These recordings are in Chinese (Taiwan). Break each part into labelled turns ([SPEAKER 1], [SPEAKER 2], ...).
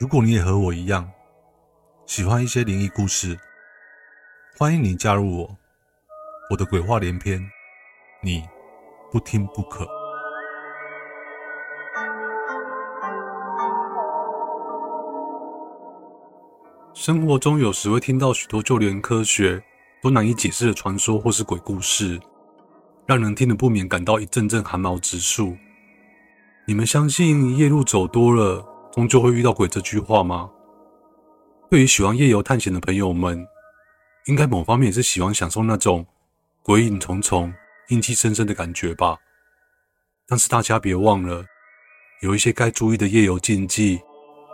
[SPEAKER 1] 如果你也和我一樣喜歡一些靈異故事，歡迎你加入我。我的鬼話連篇，你不聽不可。生活中有時會聽到許多就連科學都難以解釋的傳說或是鬼故事，讓人聽得不免感到一陣陣寒毛直豎。你們相信夜路走多了，工作會遇到鬼這句話嗎？對於喜歡夜遊探險的朋友們，應該某方面也是喜歡享受那種鬼影重重、陰氣森森的感覺吧。但是大家別忘了，有一些該注意的夜遊禁忌，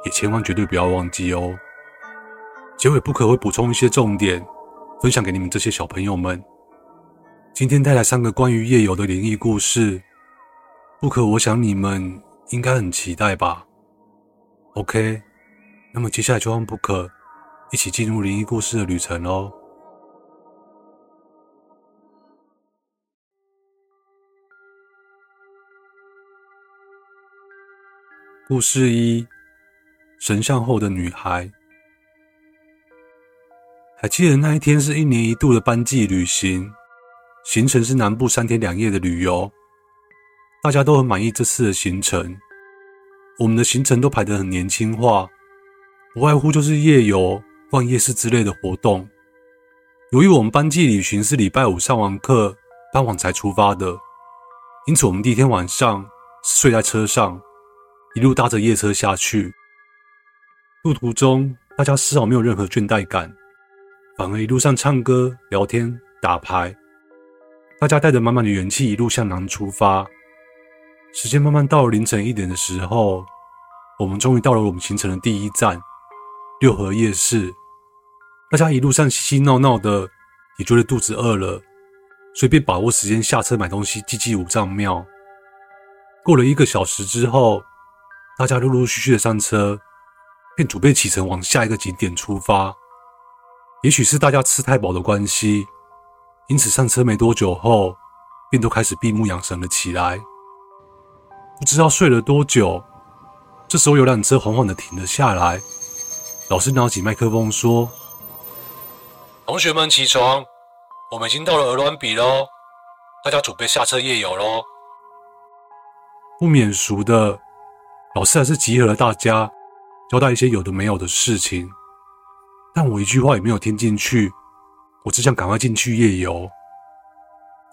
[SPEAKER 1] 也千萬絕對不要忘記哦。結尾不可會補充一些重點，分享給你們這些小朋友們。今天帶來三個關於夜遊的靈異故事，不可我想你們應該很期待吧。OK，那麼接下來就讓不可一起進入靈異故事的旅程哦。故事一：神像後的女孩。還記得那一天是一年一度的班際旅行，行程是南部三天兩夜的旅遊，大家都很滿意這次的行程。我們的行程都排得很年輕化，不外乎就是夜遊、逛夜市之類的活動。由於我們班級旅行是禮拜五上完課傍晚才出發的，因此我們第一天晚上是睡在車上，一路搭着夜車下去。路途中大家絲毫沒有任何倦怠感，反而一路上唱歌、聊天、打牌，大家帶着滿滿的元氣一路向南出發。時間慢慢到了凌晨一點的時候，我們終於到了我們行程的第一站——六合夜市。大家一路上嘻嘻鬧鬧的，也覺得肚子餓了，所以便把握時間下車買東西，祭祭五臟廟。過了一個小時之後，大家陸陸續續的上車，便準備啟程往下一個景點出發。也許是大家吃太飽的關係，因此上車沒多久後，便都開始閉目養神了起來。不知道睡了多久，這時候有輛車緩緩的停了下來。老師拿起麥克風說：“同學們起床，我們已經到了鵝鑾鼻嘍，大家準備下車夜遊嘍。”不免俗的老師還是集合了大家，交代一些有的沒有的事情，但我一句話也沒有聽進去，我只想趕快進去夜遊。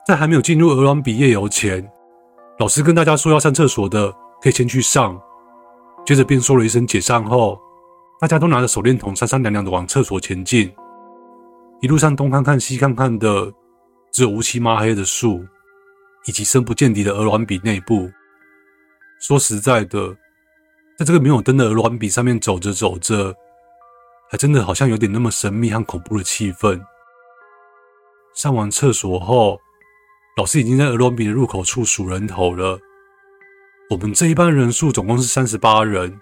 [SPEAKER 1] 在還沒有進入鵝鑾鼻夜遊前。老師跟大家說要上廁所的可以先去上，接着便說了一聲解散後，大家都拿着手電筒，三三兩兩的往廁所前進。一路上東看看西看看的，只有烏漆抹黑的樹，以及深不見底的鵝卵石內部。說實在的，在這個沒有燈的鵝卵石上面走着走着，還真的好像有點那麼神秘和恐怖的氣氛。上完廁所後。老師已經在鵝卵石的入口處數人頭了。我們這一班人數總共是三十八人。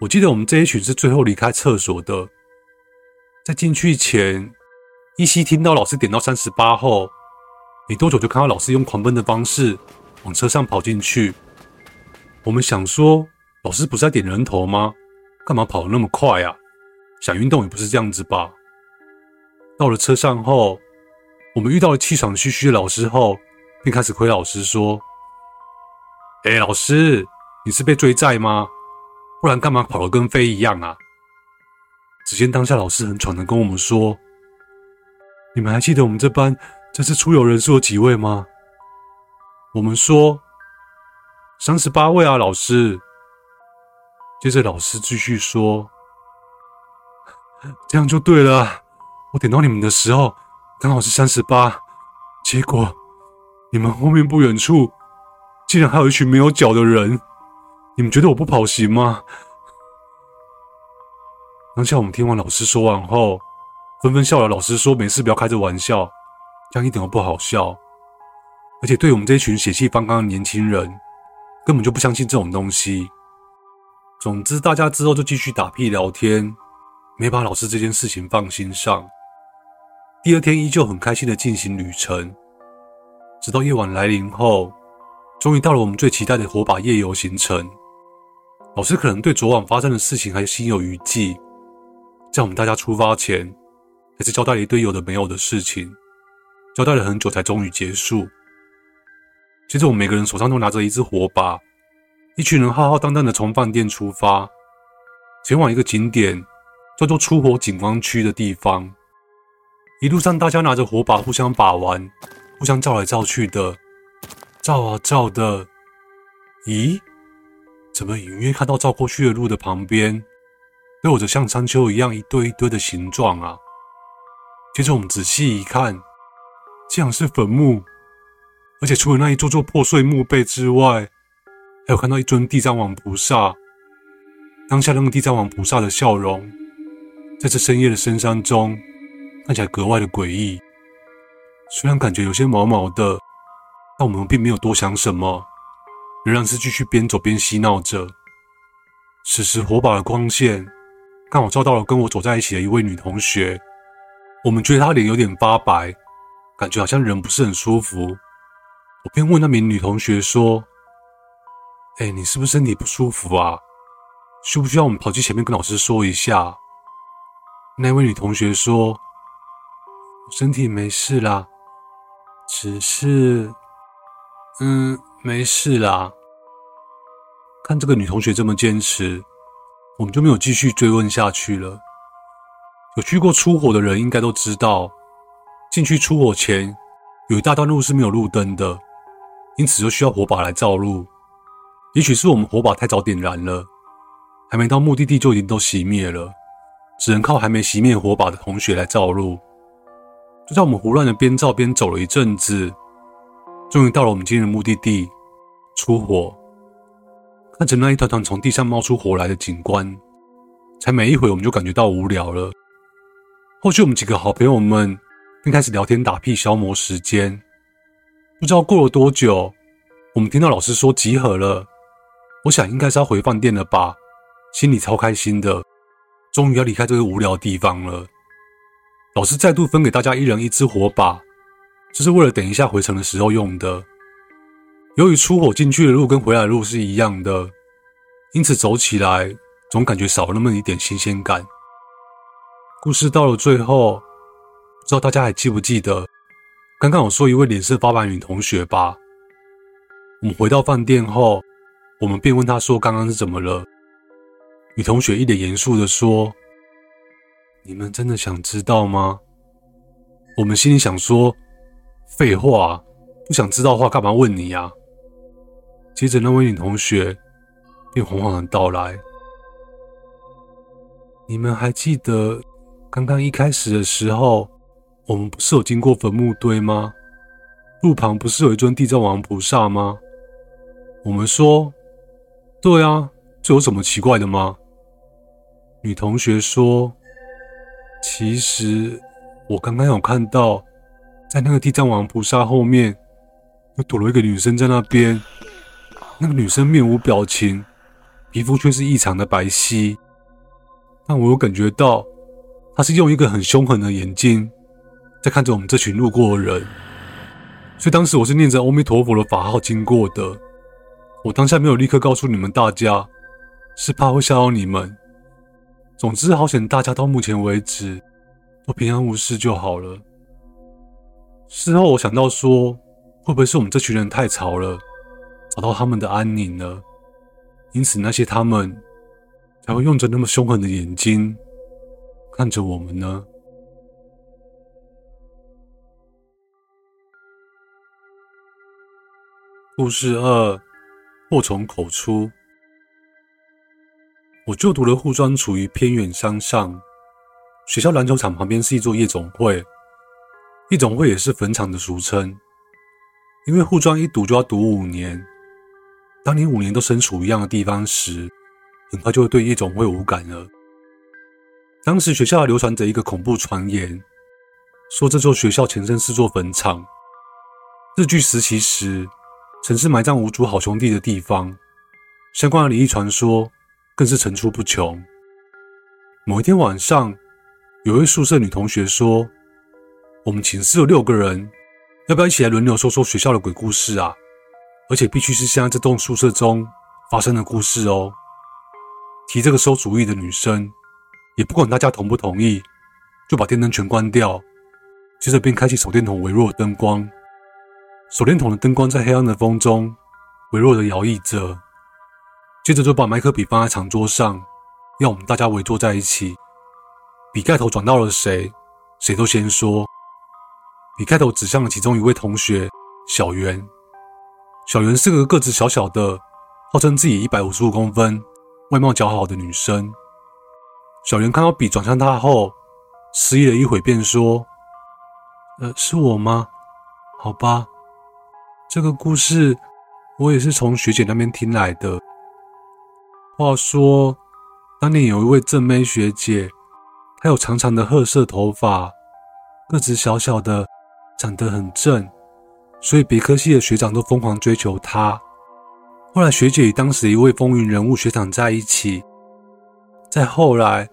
[SPEAKER 1] 我記得我們這一群是最後離開廁所的。在進去前，依稀聽到老師點到三十八後，沒多久就看到老師用狂奔的方式往車上跑進去。我們想說，老師不是在點人頭嗎？幹嘛跑得那麼快啊？想運動也不是這樣子吧？到了車上後。我們遇到了氣喘吁吁的老師後，便開始虧老師說：“哎，老師，你是被追債嗎？不然幹嘛跑得跟飛一樣啊？”只見當下老師很喘的跟我們說：“你們還記得我們這班這次出遊人數有幾位嗎？”我們說：“三十八位啊，老師。”接着老師繼續說：“這樣就對了，我點到你們的時候。”剛好是三十八，結果你們後面不遠處竟然還有一群沒有腳的人，你們覺得我不跑行嗎？當下我們聽完老師說完後，紛紛笑了。老師說：“沒事，不要開着玩笑，這樣一點都不好笑。”而且對我們這群血氣方剛的年輕人，根本就不相信這種東西。總之，大家之後就繼續打屁聊天，沒把老師這件事情放心上。第二天依舊很開心地進行旅程，直到夜晚來臨後，終於到了我們最期待的火把夜遊行程。老師可能對昨晚發生的事情還心有餘悸，在我們大家出發前，還是交代了一堆有的沒有的事情，交代了很久才終於結束。接着，我們每個人手上都拿着一支火把，一群人浩浩蕩蕩的從飯店出發，前往一個景點，叫做“出火景觀區”的地方。一路上，大家拿着火把互相把玩，互相照來照去的，照啊照的。咦，怎麼隱約看到照過去的路的旁邊，都有着像山丘一樣一堆一堆的形狀啊？接着我們仔細一看，竟然是墳墓。而且除了那一座座破碎墓碑之外，還有看到一尊地藏王菩薩，當下那個地藏王菩薩的笑容，在這深夜的深山中。看起來格外的詭異，雖然感覺有些毛毛的，但我們並沒有多想什麼，仍然是繼續邊走邊嬉鬧着。此時火把的光線剛好照到了跟我走在一起的一位女同學，我們覺得她臉有點發白，感覺好像人不是很舒服。我便問那名女同學說：“哎，你是不是身體不舒服啊？需不需要我們跑去前面跟老師說一下？”那一位女同學說。身體沒事啦，只是，嗯，沒事啦。看這個女同學這麼堅持，我們就沒有繼續追問下去了。有去過出火的人應該都知道，進去出火前有一大段路是沒有路燈的，因此就需要火把來照路。也許是我們火把太早點燃了，還沒到目的地就已經都熄滅了，只能靠還沒熄滅火把的同學來照路。就在我們胡亂的邊照邊走了一陣子，終於到了我們今日的目的地——出火。看着那一團團從地上冒出火來的景觀，才沒一回我們就感覺到無聊了。後續我們幾個好朋友們便開始聊天打屁消磨時間。不知道過了多久，我們聽到老師說集合了。我想應該是要回飯店了吧，心裡超開心的，終於要離開這個無聊地方了。老師再度分給大家一人一支火把，這是為了等一下回程的時候用的。由於出火進去的路跟回來的路是一樣的，因此走起來總感覺少了那麼一點新鮮感。故事到了最後，不知道大家還記不記得，剛剛我說一位臉色發白女同學吧。我們回到飯店後，我們便問她說剛剛是怎麼了。女同學一臉嚴肅的說。你們真的想知道嗎？我們心裡想說，廢話，不想知道的話幹嘛問你呀、啊？接着，那位女同學便緩緩的道來：“你們還記得剛剛一開始的時候，我們不是有經過墳墓堆嗎？路旁不是有一尊地藏王菩薩嗎？我們說，對啊，這有什麼奇怪的嗎？”女同學說。其實我剛剛有看到，在那個地藏王菩薩後面，又躲了一個女生在那邊。那個女生面無表情，皮膚卻是異常的白皙。但我有感覺到，她是用一個很凶狠的眼睛，在看着我們這群路過的人。所以當時我是念着阿彌陀佛的法號經過的。我當下沒有立刻告訴你們大家，是怕會嚇到你們。總之，好險，大家到目前為止都平安無事就好了。事後我想到說，說會不會是我們這群人太吵了，吵到他們的安寧了，因此那些他們才會用着那麼兇狠的眼睛看着我們呢？故事二：禍從口出。我就讀的護專，處於偏遠山上，學校籃球場旁邊是一座夜總會，夜總會也是墳場的俗稱。因為護專一讀就要讀五年，當你五年都身處一樣的地方時，很快就會對夜總會無感了。當時學校還流傳着一個恐怖傳言，說這座學校前身是座墳場，日據時期時曾是埋葬無主好兄弟的地方，相關的靈異傳說。更是層出不窮。某一天晚上，有一位宿舍女同學說：“我們寢室有六個人，要不要一起來輪流說說學校的鬼故事啊？而且必須是現在這棟宿舍中發生的故事哦。”提這個餿主意的女生，也不管大家同不同意，就把電燈全關掉，接着便開啟手電筒微弱的燈光。手電筒的燈光在黑暗的風中微弱的搖曳着。接着就把麥克筆放在長桌上，要我們大家圍坐在一起。筆蓋頭轉到了誰，誰都先說。筆蓋頭指向了其中一位同學小圓。小圓是個個子小小的，號稱自己一百五十五公分，外貌姣好的女生。小圓看到筆轉向她後，遲疑了一會，便說：“呃，是我嗎？好吧，這個故事我也是從學姐那邊聽來的。”話說，當年有一位正妹學姐，她有長長的褐色頭髮，個子小小的，長得很正，所以別科系的學長都瘋狂追求她。後來學姐與當時一位風雲人物學長在一起。再後來，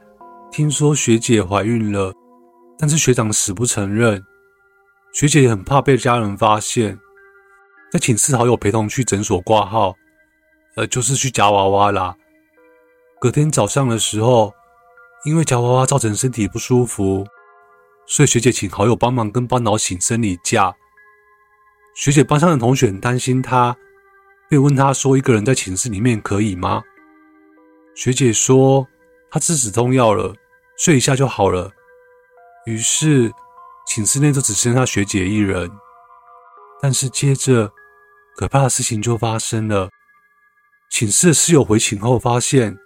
[SPEAKER 1] 聽說學姐懷孕了，但是學長死不承認。學姐也很怕被家人發現，在寢室好友陪同去診所掛號，呃，就是去夾娃娃啦。隔天早上的時候，因為腳娃娃造成身體不舒服，所以學姐請好友幫忙跟班導請生理假。學姐班上的同學很擔心她，便問她說：“一個人在寢室裡面可以嗎？”學姐說：“她吃止痛藥了，睡一下就好了。於是”於是寢室內就只剩下學姐一人。但是接着，可怕的事情就發生了。寢室的室友回寢後發現。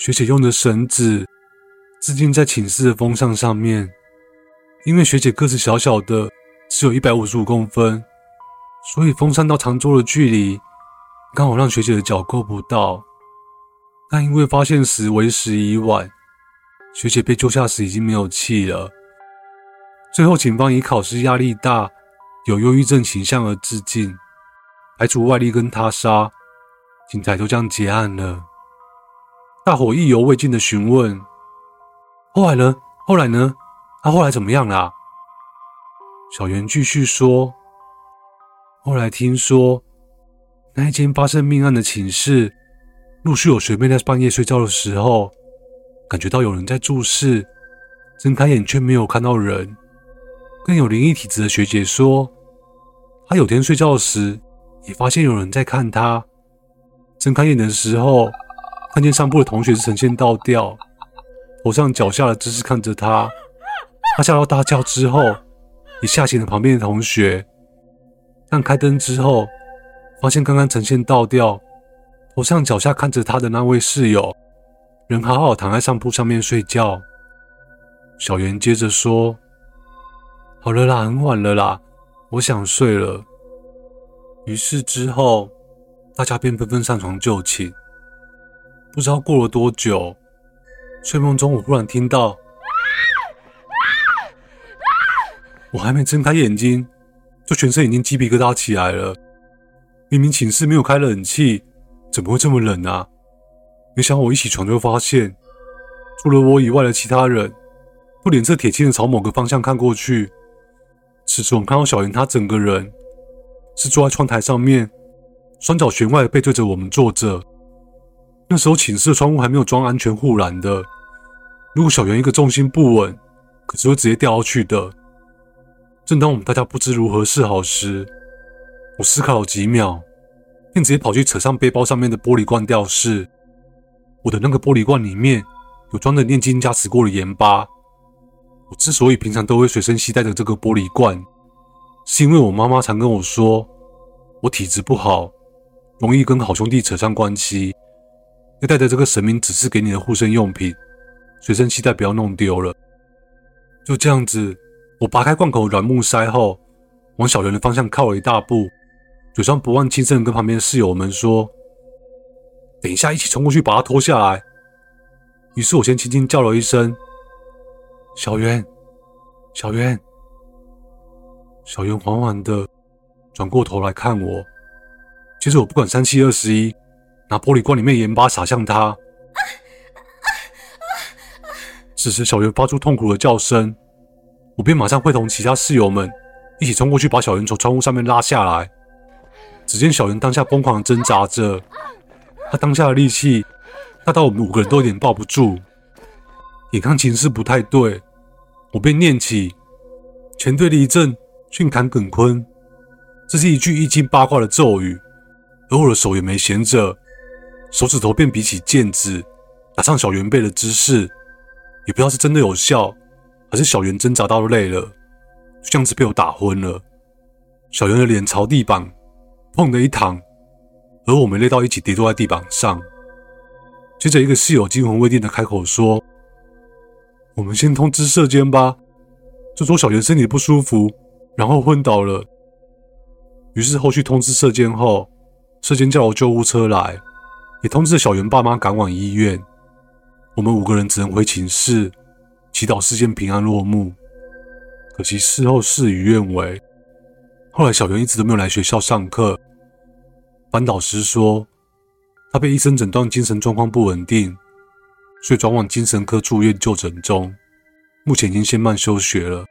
[SPEAKER 1] 學姐用的繩子，自盡在寢室的風扇上面，因為學姐個子小小的，只有一百五十五公分，所以風扇到長桌的距離剛好讓學姐的腳夠不到。但因為發現時為時已晚，學姐被救下時已經沒有氣了。最後警方以考試壓力大，有憂鬱症傾向而自盡，排除外力跟他殺，警察就這樣結案了。大伙意猶未盡地詢問：“後來呢？後來呢？他、啊、後來怎麼樣啦？啊，小圓繼續說：“後來聽說，那一間發生命案的寢室，陸續有學妹在半夜睡覺的時候，感覺到有人在注視，睜開眼卻沒有看到人。更有靈異體質的學姐說，她有天睡覺時也發現有人在看她，睜開眼的時候。”看見上鋪的同學是呈現倒吊，頭上腳下的姿勢看着他，他嚇到大叫之後，也嚇醒了旁邊的同學。但開燈之後，發現剛剛呈現倒吊，頭上腳下看着他的那位室友，人好好躺在上鋪上面睡覺。小圓接着說：“好了啦，很晚了啦，我想睡了。”於是之後，大家便紛紛上床就寢。不知道過了多久，睡夢中我忽然聽到，我還沒睜開眼睛，就全身已經雞皮疙瘩起來了。明明寢室沒有開冷氣，怎麼會這麼冷啊？沒想到我一起床就發現，除了我以外的其他人，都臉色鐵青的朝某個方向看過去。此時我們看到小妍，她整個人是坐在窗台上面，雙腳懸外，背對着我們坐着。那時候寢室的窗戶還沒有裝安全護欄的，如果小圓一個重心不穩，可是會直接掉下去的。正當我們大家不知如何是好時，我思考了幾秒，便直接跑去扯上背包上面的玻璃罐吊飾。我的那個玻璃罐裡面有裝着念經加持過的鹽巴。我之所以平常都會隨身攜帶着這個玻璃罐，是因為我媽媽常跟我說，我體質不好，容易跟好兄弟扯上關係。要帶着這個神明指示給你的護身用品，隨身攜帶不要弄丟了。就這樣子，我拔開罐口軟木塞後，往小圓的方向靠了一大步，嘴上不忘輕聲跟旁邊的室友們說：“等一下，一起衝過去，把他拖下來。”於是，我先輕輕叫了一聲：“小圓，小圓。”小圓緩緩的轉過頭來看我，其實我不管三七二十一。拿玻璃罐裡面的鹽巴撒向他。此時，小袁發出痛苦的叫聲，我便馬上會同其他室友們一起衝過去，把小袁從窗戶上面拉下來。只見小袁當下瘋狂掙扎着，他當下的力氣大到我們五個人都有點抱不住。眼看情勢不太對，我便念起“乾兌離震巽坎艮坤”，這是一句易經八卦的咒語，而我的手也沒閒着。手指頭便比起劍指，打上小圓背的姿勢，也不知道是真的有效，還是小圓掙扎到累了，就這樣子被我打昏了。小圓的臉朝地板，砰的一躺，而我們累到一起跌坐在地板上。接着，一個室友驚魂未定的開口說：“我們先通知舍監吧，就說小圓身體不舒服，然後昏倒了。”於是後續通知舍監後，舍監叫我救護車來。也通知小袁爸媽趕往醫院，我們五個人只能回寢室祈禱事件平安落幕。可惜事後事與願違，後來小袁一直都沒有來學校上課。班導師說，他被醫生診斷精神狀況不穩定，所以轉往精神科住院就診中，目前已經先辦休學了。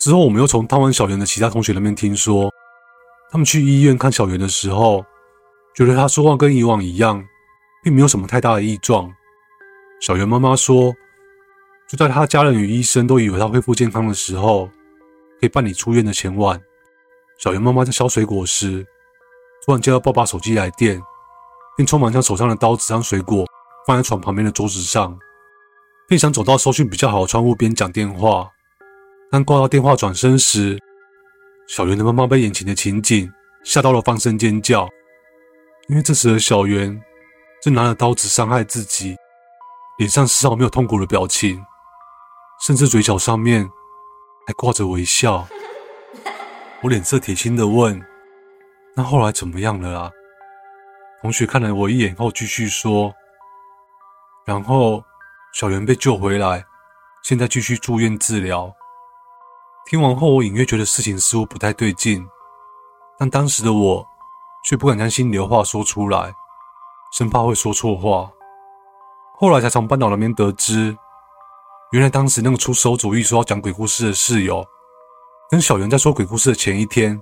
[SPEAKER 1] 之後，我們又從探望小袁的其他同學那邊聽說，他們去醫院看小袁的時候，覺得他說話跟以往一樣，並沒有什麼太大的異狀。小圓媽媽說：“就在他的家人與醫生都以為他恢復健康的時候，可以辦理出院的前晚，小圓媽媽在削水果時，突然接到爸爸手機來電，便匆忙將手上的刀子將水果放在床旁邊的桌子上，並想走到收訊比較好的窗戶邊講電話。當掛到電話轉身時，小圓的媽媽被眼前的情景嚇到了，放聲尖叫。”因為這時的小圓正拿着刀子傷害自己，臉上絲毫沒有痛苦的表情，甚至嘴角上面還掛着微笑。我臉色鐵青地問：“那後來怎麼樣了啊？”同學看了我一眼後繼續說：“然後小圓被救回來，現在繼續住院治療。”聽完後，我隱約覺得事情似乎不太對勁，但當時的我，卻不敢將心裡的話說出來，生怕會說錯話。後來才從班導那邊得知，原來當時那個出餿主意說要講鬼故事的室友，跟小圓在說鬼故事的前一天，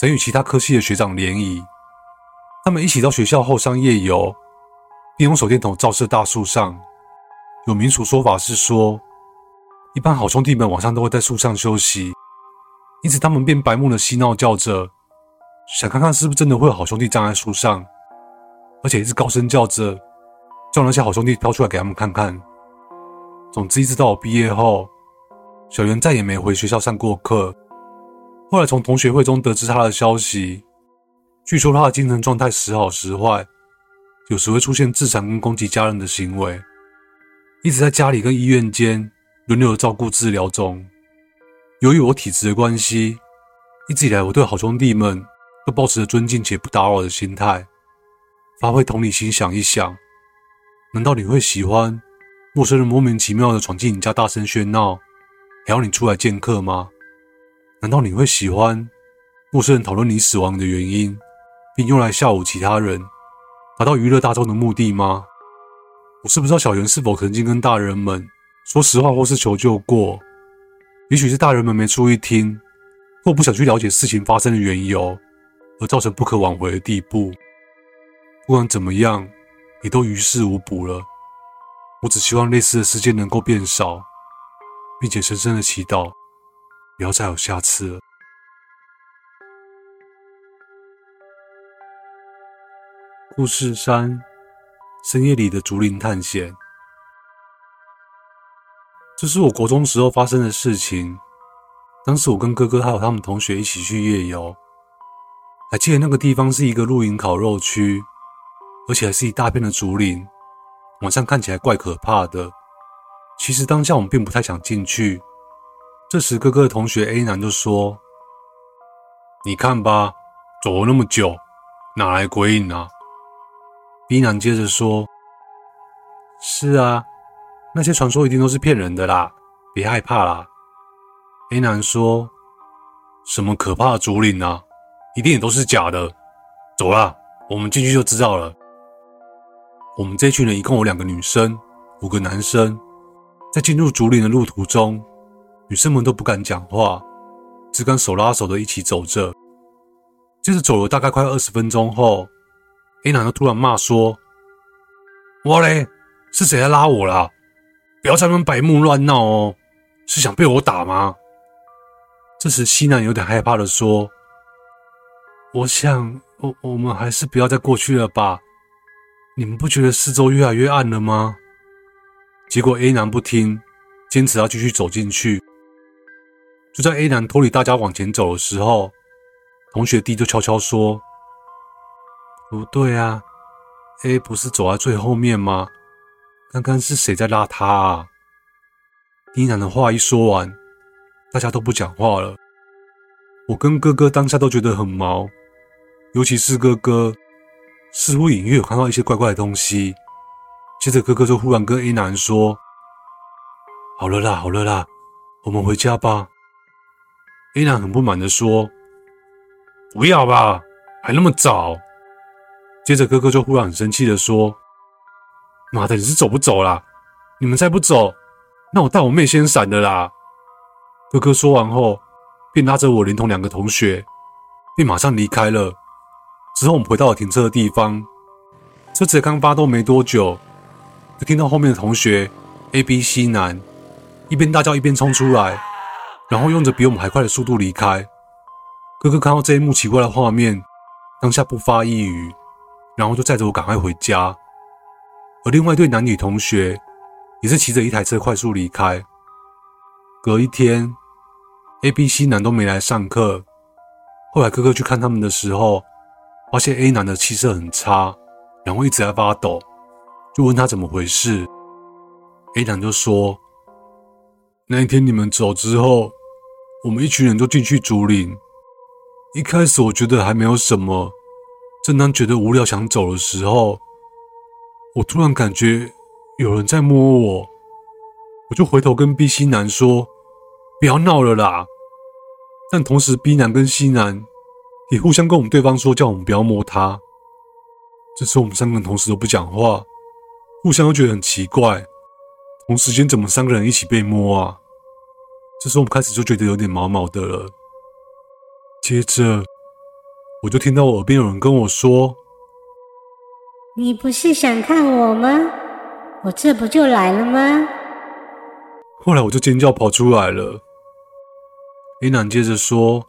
[SPEAKER 1] 曾與其他科系的學長聯誼，他們一起到學校後山夜遊，並用手電筒照射大樹上。有民俗說法是說，一般好兄弟們晚上都會在樹上休息，因此他們便白目的嬉鬧叫着。想看看是不是真的會有好兄弟站在樹上，而且一直高聲叫着，叫那些好兄弟飄出來給他們看看。總之，一直到我畢業後，小袁再也沒回學校上過課。後來從同學會中得知他的消息，據說他的精神狀態時好時壞，有時會出現自殘跟攻擊家人的行為，一直在家裡跟醫院間輪流的照顧治療中。由於我體質的關係，一直以來我對好兄弟們，就保持着尊敬且不打擾的心態，發揮同理心，想一想：難道你會喜歡陌生人莫名其妙地闖進你家，大聲喧鬧，還要你出來見客嗎？難道你會喜歡陌生人討論你死亡的原因，並用來嚇唬其他人，達到娛樂大眾的目的嗎？我是不知道小圓是否曾經跟大人們說實話，或是求救過。也許是大人們沒注意聽，或不想去了解事情發生的原因。而造成不可挽回的地步，不管怎麼樣，也都於事無補了。我只希望類似的事件能夠變少，並且深深的祈禱，不要再有下次了。故事三：深夜裡的竹林探險。這是我國中時候發生的事情。當時我跟哥哥還有他們同學一起去夜遊。還記得那個地方是一個露營烤肉區，而且還是一大片的竹林，晚上看起來怪可怕的。其實當下我們並不太想進去。這時，哥哥的同學 A 男就說：“你看吧，走了那麼久，哪來鬼影啊？”B 男接着說：“是啊，那些傳說一定都是騙人的啦，別害怕啦。”A 男說：“什麼可怕的竹林啊？”一定也都是假的，走啦，我們進去就知道了。我們這一群人一共有兩個女生，五個男生，在進入竹林的路途中，女生們都不敢講話，只敢手拉手的一起走着。接着走了大概快二十分鐘後，A 男就突然罵說：“哇嘞，是誰在拉我啦？不要在那邊白目亂鬧哦，是想被我打嗎？”這時 C 男有點害怕的說。我想，我我們還是不要再過去了吧？你們不覺得四周越來越暗了嗎？結果 A 男不聽，堅持要繼續走進去。就在 A 男脫離大家往前走的時候，同學弟就悄悄說：“不對啊，A 不是走在最後面嗎？剛剛是誰在拉他啊？”丁男的話一說完，大家都不講話了。我跟哥哥當下都覺得很毛。尤其是哥哥，似乎隱約有看到一些怪怪的東西。接着哥哥就忽然跟 A 男說：“好了啦，好了啦，我們回家吧。”A 男很不滿的說：“不要吧，還那麼早。”接着哥哥就忽然很生氣的說：“媽的，你是走不走啦？你們再不走，那我帶我妹先閃的啦！”哥哥說完後，便拉着我，連同兩個同學，便馬上離開了。之後，我們回到了停車的地方。車子剛發動沒多久，就聽到後面的同學 A、B、C 男一邊大叫一邊衝出來，然後用着比我們還快的速度離開。哥哥看到這一幕奇怪的畫面，當下不發一語，然後就載着我趕快回家。而另外一對男女同學也是騎着一台車快速離開。隔一天，A、B、C 男都沒來上課。後來哥哥去看他們的時候，發現 A 男的氣色很差，然後一直在發抖，就問他怎麼回事。A 男就說：“那一天你們走之後，我們一群人都進去竹林。一開始我覺得還沒有什麼，正當覺得無聊想走的時候，我突然感覺有人在摸我，我就回頭跟 B、C 男說：‘不要鬧了啦。’但同時 B 男跟 C 男。”也互相跟我們對方說，叫我們不要摸他。這時候我們三個人同時都不講話，互相都覺得很奇怪。同時間怎麼三個人一起被摸啊？這時候我們開始就覺得有點毛毛的了。接着，我就聽到我耳邊有人跟我說：“你不是想看我嗎？我這不就來了嗎？”後來我就尖叫跑出來了。琳琅接着說。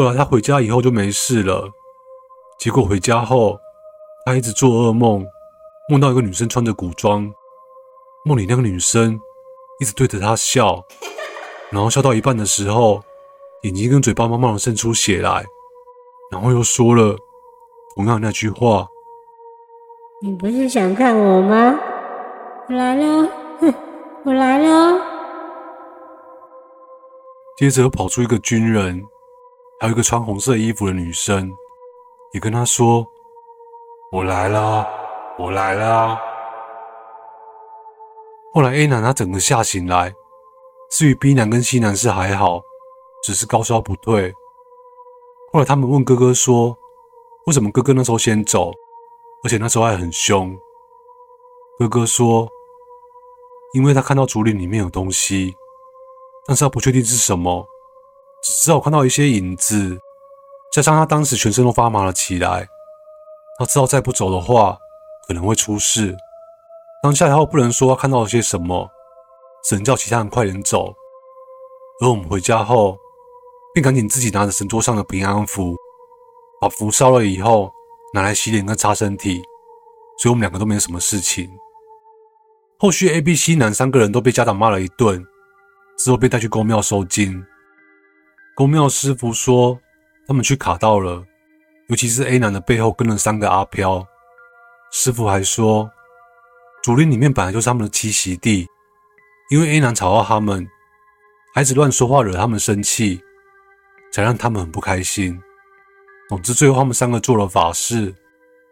[SPEAKER 1] 後來他回家以後就沒事了，結果回家後，他一直做噩夢，夢到一個女生穿着古裝，夢裡那個女生一直對着他笑，然後笑到一半的時候，眼睛跟嘴巴慢慢地滲出血來，然後又說了同樣的那句話：“你不是想看我嗎？我來了，哼，我來了。”接着又跑出一個軍人。還有一個穿紅色衣服的女生，也跟他說：“我來啦，我來啦。”後來 A 男他整個嚇醒來。至於 B 男跟 C 男是還好，只是高燒不退。後來他們問哥哥說：“為什麼哥哥那時候先走，而且那時候還很凶？”哥哥說：“因為他看到竹林裡面有東西，但是他不確定是什麼。”只好看到一些影子，加上他當時全身都發麻了起來。他知道再不走的話可能會出事，當下他不能說他看到了些什麼，只能叫其他人快點走。而我們回家後，便趕緊自己拿着神桌上的平安符，把符燒了以後拿來洗臉跟擦身體，所以我們兩個都沒什麼事情。後續 A、B、C 男三個人都被家長罵了一頓，之後被帶去公廟收金。宮廟師父說，他們去卡到了，尤其是 A 男的背後跟了三個阿飄。師父還說，竹林裡面本來就是他們的棲息地，因為 A 男吵到他們，孩子亂說話惹他們生氣，才讓他們很不開心。總之，最後他們三個做了法事，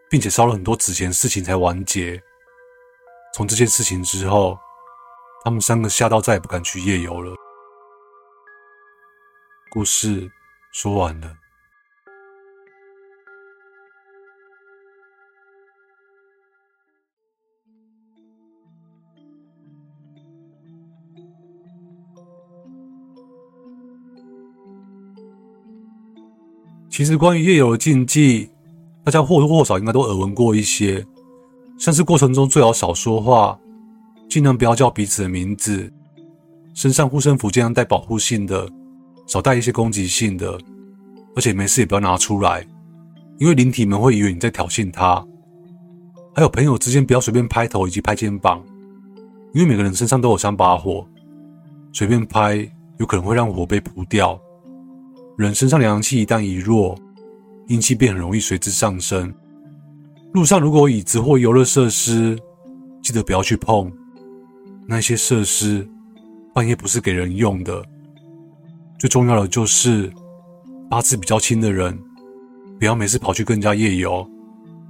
[SPEAKER 1] 並且燒了很多紙錢，事情才完結。從這件事情之後，他們三個嚇到再也不敢去夜遊了。故事說完了。其實，關於夜遊的禁忌，大家或多或少應該都耳聞過一些，像是過程中最好少說話，儘量不要叫彼此的名字，身上護身符這樣帶保護性的。少帶一些攻擊性的，而且沒事也不要拿出來，因為靈體們會以為你在挑釁他。還有朋友之間不要隨便拍頭以及拍肩膀，因為每個人身上都有三把火，隨便拍有可能會讓火被撲掉。人身上陽氣一旦一弱，陰氣便很容易隨之上升。路上如果有椅子或遊樂設施，記得不要去碰，那些設施半夜不是給人用的。最重要的就是，八字比較輕的人，不要每次跑去跟人家夜遊，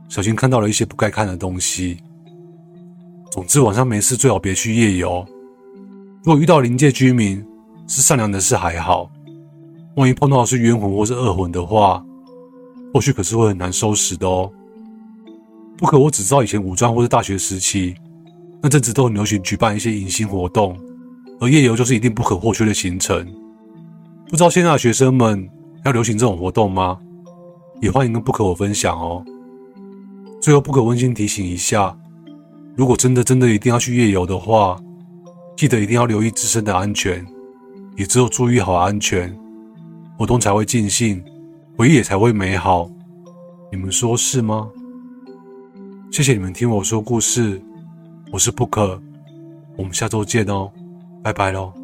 [SPEAKER 1] 小心看到了一些不該看的東西。總之，晚上沒事最好別去夜遊。如果遇到靈界居民，是善良的事還好；萬一碰到的是冤魂或是惡魂的話，後續可是會很難收拾的哦。不可，我只知道以前五專或是大學時期，那陣子都很流行舉辦一些迎新活動，而夜遊就是一定不可或缺的行程。不知道現在的學生們要流行這種活動嗎？也歡迎跟 Book 我分享哦。最後，Book 溫馨提醒一下：如果真的真的一定要去夜遊的話，記得一定要留意自身的安全。也只有注意好安全，活動才會盡興，回憶也才會美好。你們說是嗎？謝謝你們聽我說故事，我是 Book，我們下週見哦，拜拜嘍。